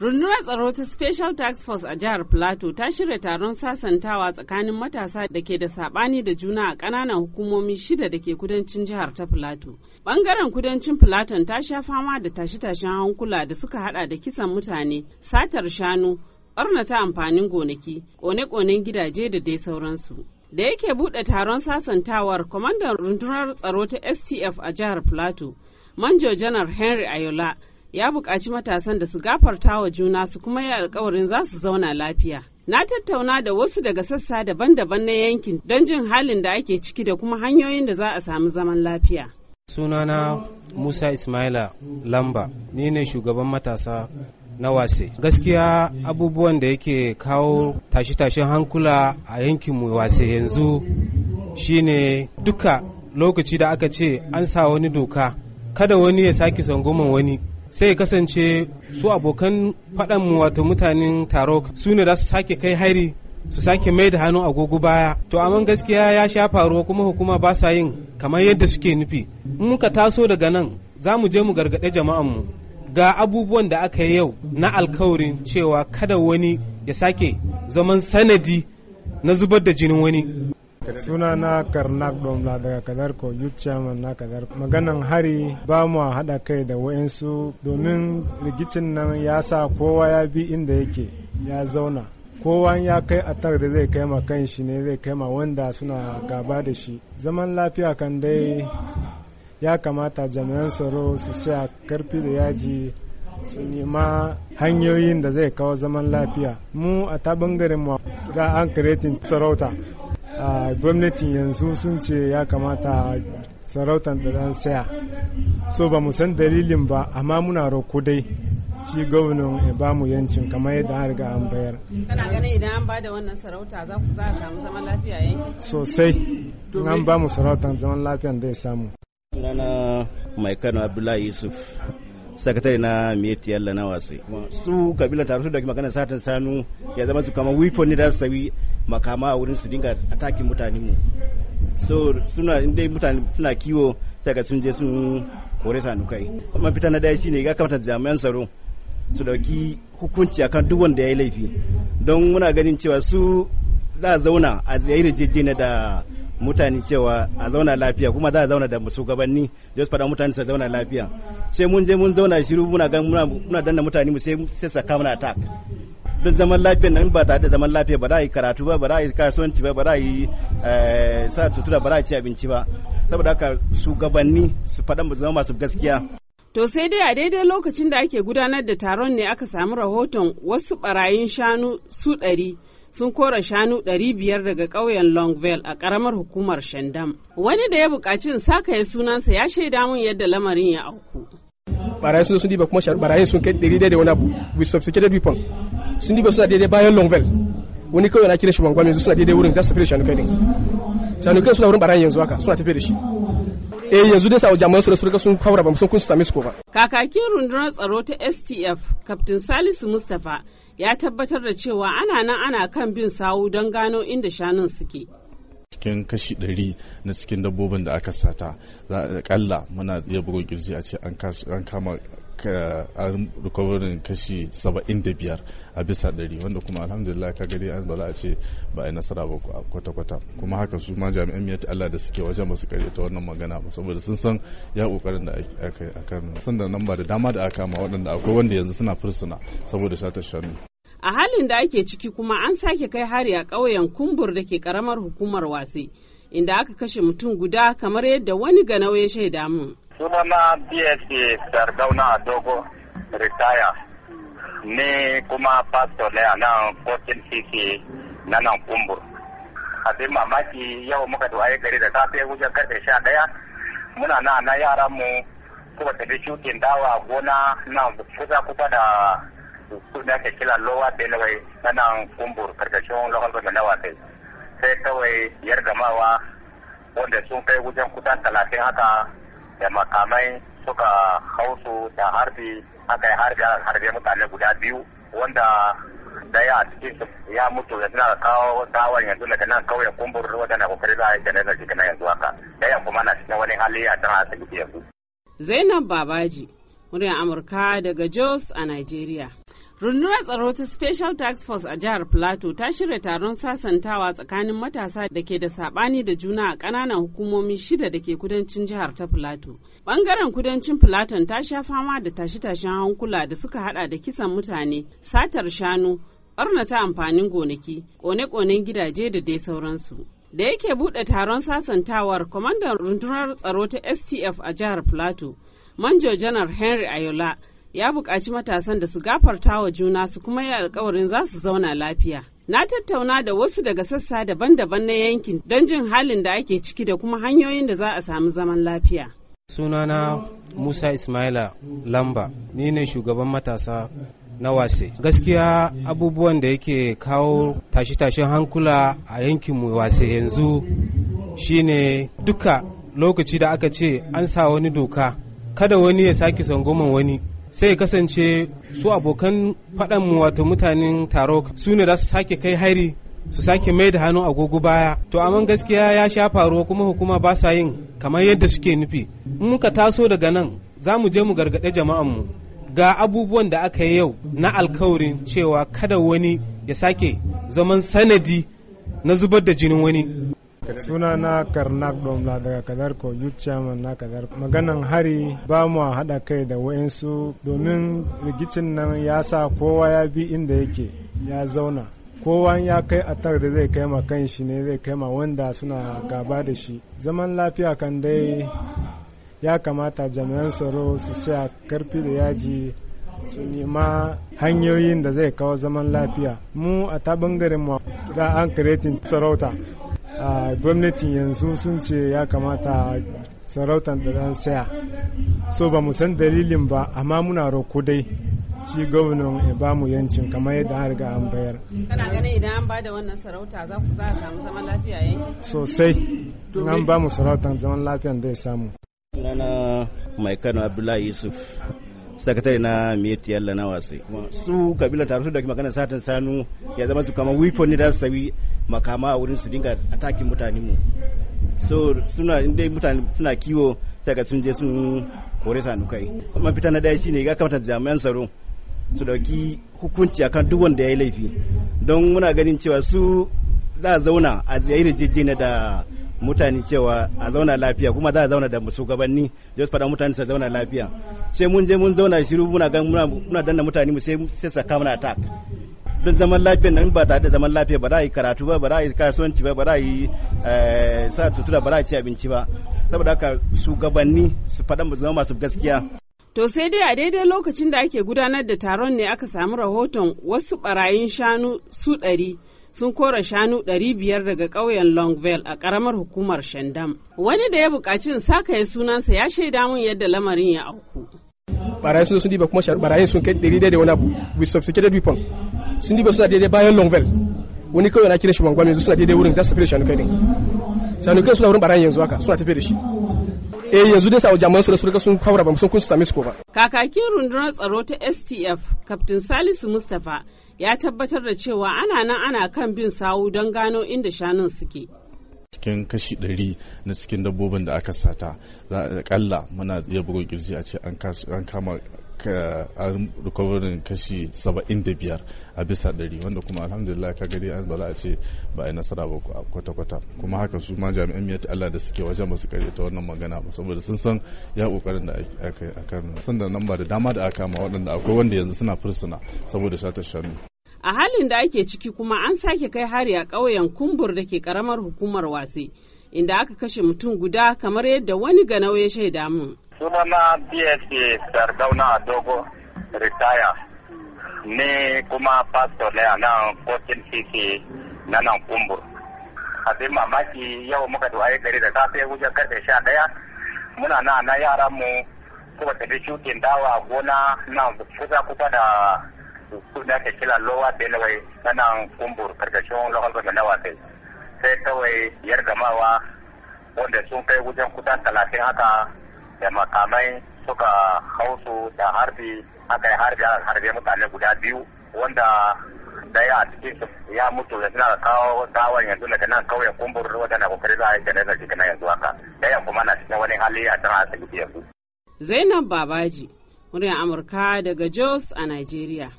Rundunar tsaro ta Special Task Force a jihar Plateau ta shirya taron sasantawa tsakanin matasa da ke da sabani da juna a ƙananan hukumomi shida da ke kudancin jihar ta Plateau. Bangaren kudancin Plateau ta sha fama da tashe-tashen hankula da suka hada da kisan mutane, satar shanu, ta amfanin gonaki, kone-konen gidaje da dai sauransu. Da yake buɗe taron sasantawar, kwamandan rundunar tsaro ta STF a jihar Plateau, Manjo Janar Henry Ayola, ya buƙaci matasan da su gafarta wa juna su kuma yi alkawarin za su zauna lafiya. Na tattauna da wasu daga sassa daban-daban na yankin don jin halin da ake ciki da kuma hanyoyin da za a samu zaman lafiya. Sunana Musa Ismaila Lamba, ni ne shugaban matasa na wase. Gaskiya abubuwan da yake kawo tashe-tashen hankula a yankin mu wase yanzu shine duka lokaci da aka ce an sa wani doka, kada wani ya sake sangoman wani. sai kasance su abokan faɗan wato mutanen taro su ne za su sake kai hari su sake mai da hannu agogo baya to amma gaskiya ya sha faruwa kuma hukuma ba sa yin kamar yadda suke nufi in muka taso daga nan za mu je mu gargaɗe mu. ga abubuwan da aka yi yau na alkawarin cewa kada wani ya sake zaman sanadi na zubar da jinin wani suna na karnak domla daga kadarko youth chairman na kadarko maganan hari ba mu haɗa kai da wayansu domin rigicin nan ya sa kowa ya bi inda yake ya zauna kowa ya kai atar da zai kai ma kan shi ne zai kai ma wanda suna gaba da shi zaman lafiya kan dai ya kamata jami'an tsaro su sa karfi da yaji su nema hanyoyin da zai kawo zaman lafiya mu a ta bangaren mu ga an kiretin sarauta Gwamnati yanzu sun ce ya kamata sarautar da dan saya so ba mu san dalilin ba amma muna roko dai shi gwamnan ya ba mu yancin kamar yadda an riga an bayar kana ganin idan an bada wannan sarauta za ku za a samu zaman lafiya yanki eh? sosai an ba mu sarautar zaman lafiyan zai samu sunana mai kano abdullahi yusuf sakatare na meti yalla na wasi su kabila ta su da magana satan sanu ya zama su kama weapon ne da su sabi makama a wurin su dinga atakin mutanen mu so suna inda mutane suna kiwo sai ka sun je sun kore sanu kai mafita na daya shine ga kamata jami'an tsaro su dauki hukunci akan duk wanda ya yi laifi don muna ganin cewa su za a zauna a yayin da mutane cewa a zauna lafiya kuma za a zauna da gabanni zai su faɗa mutane su zauna lafiya sai mun je mun zauna shiru muna gan muna danna mutane mu sai saka mana attack don zaman lafiya nan ba tare da zaman lafiya ba za a yi karatu ba ba za a yi kasuwanci ba ba za a yi eh, sa tutura ba za a ci abinci ba saboda haka su gabanni su faɗa zama masu gaskiya To sai dai a daidai lokacin da ake gudanar da taron ne aka samu rahoton wasu barayin shanu su ɗari sun kora shanu 500 daga ƙauyen Longville a ƙaramar hukumar Shandam. Wani da ya buƙaci sa ka yi sunansa ya shaida mun yadda lamarin ya auku. Barayi sun sun diba kuma barayi sun kai ɗari daidai wani abu with sophisticated weapon. Sun diba suna daidai bayan Longville. Wani kawai na kira shi Wangwal yanzu suna daidai wurin da su tafi da shanu kai din. Shanu kai suna wurin barayin yanzu haka suna tafiya da shi. eh yanzu dai sa jami'an su da surka sun kaura ba sun kun su same su ko ba. Kakakin rundunar tsaro ta STF, Kaftin Salisu Mustapha ya tabbatar da cewa ana nan ana kan bin sawu don gano inda shanun suke. cikin kashi ɗari na cikin dabbobin da aka sata za a muna iya bugun kirji a ce an kama an recovery kashi 75 a bisa ɗari wanda kuma alhamdulillah ka gari an bala a ce ba a nasara ba kwata-kwata kuma haka su ma jami'an miyar Allah da suke wajen basu karye ta wannan magana ba saboda sun san ya kokarin da aka yi a san da nan ba da dama da aka ma waɗanda akwai wanda yanzu suna fursuna saboda shatar shanu a halin da ake ciki kuma an sake kai hari a ƙauyen kumbur da ke ƙaramar hukumar wasi inda aka kashe mutum guda kamar yadda wani ganau ya shaida mun. sunana bsc sardauna dogo ritaya ni kuma pastor ne a nan kotun cc na nan kumbur abin mamaki yau muka waye gari da safe wujen karfe sha ɗaya muna na na yaran mu kuma tafi shukin dawa gona na kusa kusa da su da ake kira lowa benue sanan kumbur karkashin lokal government na wasai sai ta wai yar gamawa wanda sun kai wajen kusan talatin haka da makamai suka hau su da harbi aka yi harbi harbe mutane guda biyu wanda daya a cikin su ya mutu da suna kawo gawan yanzu daga nan kauyen kumbur wanda na kokari za a yi janazar jikin yanzu haka dayan kuma na cikin wani hali a can asibiti yanzu. Zainab Babaji, muryar Amurka daga Jos a Nigeria. Rundunar tsaro ta Special Task Force a jihar Plateau ta shirya taron sasantawa tsakanin matasa da ke da sabani da juna a ƙananan hukumomi shida da ke kudancin jihar ta Plateau. Bangaren kudancin Plateau ta sha fama da tashe-tashen hankula da suka hada da kisan mutane, satar shanu, ɓarnata amfanin gonaki, kone-konen gidaje da dai sauransu. Da yake buɗe taron sasantawar, kwamandan rundunar tsaro ta STF a jihar Plateau, Manjo Janar Henry Ayola, ya buƙaci matasan da su gafarta wa juna su kuma yi alkawarin za su zauna lafiya. Na tattauna da wasu daga sassa daban-daban na yankin don jin halin da ake ciki da kuma hanyoyin da za a samu zaman lafiya. Sunana Musa Ismaila Lamba, ni ne shugaban matasa na wase. Gaskiya abubuwan da yake kawo tashe-tashen hankula a yankin mu wase yanzu shine duka lokaci da aka ce an sa wani doka, kada wani ya sake sangoman wani. sai kasance su abokan faɗan mu wato mutanen taro su ne za su sake kai hari su sake mai da hannu agogo baya to amma gaskiya ya sha faruwa kuma hukuma ba sa yin kamar yadda suke nufi in muka taso daga nan za mu je mu gargaɗe mu. ga abubuwan da aka yi yau na alkawarin cewa kada wani ya sake zaman sanadi na zubar da jinin wani suna na karnak domla daga kadar ko chairman na kadar maganan hari ba mu haɗa kai da wayansu domin rigicin nan ya sa kowa ya bi inda yake ya zauna kowa ya kai atar da zai kai ma kan shi ne zai kai ma wanda suna gaba da shi zaman lafiya kan dai ya kamata jami'an tsaro su sa karfi da yaji su nema hanyoyin da zai kawo zaman lafiya mu a ta bangaren mu za an kiretin sarauta gwamnatin yanzu sun ce ya kamata sarautar da dan saya so ba mu san dalilin ba amma muna roko dai shi gwamnan ya ba mu yancin kamar yadda an riga an bayar kana ganin idan an bada wannan sarauta za ku za a samu zaman lafiya yanki sosai an ba mu sarautar zaman lafiyan ya samu sunana mai kano abdullahi yusuf sakatare na meti yalla na wasai su kabila ta su da magana satan sanu ya zama su kama weapon ne da su sabi makama a wurin su dinga atakin mutane mu so suna inda mutane suna kiwo sai ka sun je sun kore sanu kai mafita na daya shine ga kamata jami'an tsaro su dauki hukunci akan duk wanda ya yi laifi don muna ganin cewa su za a zauna a yayin rejejena da mutane cewa a zauna lafiya kuma za a zauna da gabanni zai su faɗa mutane su zauna lafiya sai mun je mun zauna shiru muna gan muna danna mutane mu sai sa mana attack don zaman lafiya nan ba tare da zaman lafiya ba za a yi karatu ba ba za a yi kasuwanci ba ba za a yi eh, sa tutura ba za a ci abinci ba saboda haka su gabanni su faɗa zama masu gaskiya To sai dai a daidai lokacin da ake gudanar da taron ne aka samu rahoton wasu barayin shanu su ɗari sun kora shanu 500 daga ƙauyen longville a ƙaramar hukumar Shandam. Wani da ya buƙaci saka ya sunansa ya shaida mun yadda lamarin ya auku. Barayi sun sun diba kuma barayi sun kai ɗari daidai wani abu with sophisticated weapon. Sun diba suna daidai bayan longville Wani kawai na kira shi wangwami yanzu suna daidai wurin za su da shanu kai ne Shanu kai suna wurin barayin yanzu haka suna tafiya da shi. eh yanzu dai sa jami'an su da surka sun haura ba sun kun same su ko ba. Kakakin rundunar tsaro ta STF, Kaftin Salisu Mustapha ya tabbatar da cewa ana nan ana kan bin sawu don gano inda shanun suke. cikin kashi ɗari na cikin dabbobin da aka sata za a kalla muna iya bugun kirji a ce an kama an recoverin kashi 75 a bisa ɗari wanda kuma alhamdulillah ka gari an bala a ce ba a nasara ba kwata-kwata kuma haka su ma jami'an miyar Allah da suke wajen basu kare ta wannan magana ba saboda sun san ya kokarin da aka yi a san da nan ba da dama da aka ma waɗanda akwai wanda yanzu suna fursuna saboda shata shanu a halin da ake ciki kuma an sake kai hari a ƙauyen kumbur da ke ƙaramar hukumar wasi inda aka kashe mutum guda kamar yadda wani ganau ya shaida mun. sunana bsd sardauna dogo ritaya ne kuma pastor ne a nan kotun cc na nan kumbur abin mamaki yau muka duwaye gari da safe wujen karfe sha daya muna na na yaran mu kuma tafi shukin dawa gona na kusa kusa da su da ake kira lowa benue sanan kumbur karkashin lokal da na wasai sai kawai yar gamawa wanda sun kai wajen kusan talatin haka da makamai suka hau su da harbi aka yi harbi a harbe mutane guda biyu wanda daya a cikin su ya mutu da suna kawo gawan yanzu daga nan kauyen kumbur wanda na kokari za a yi janazar jikin yanzu haka dayan kuma na cikin wani hali a tana asibiti yanzu. Zainab Babaji, muryar Amurka daga Jos a Najeriya.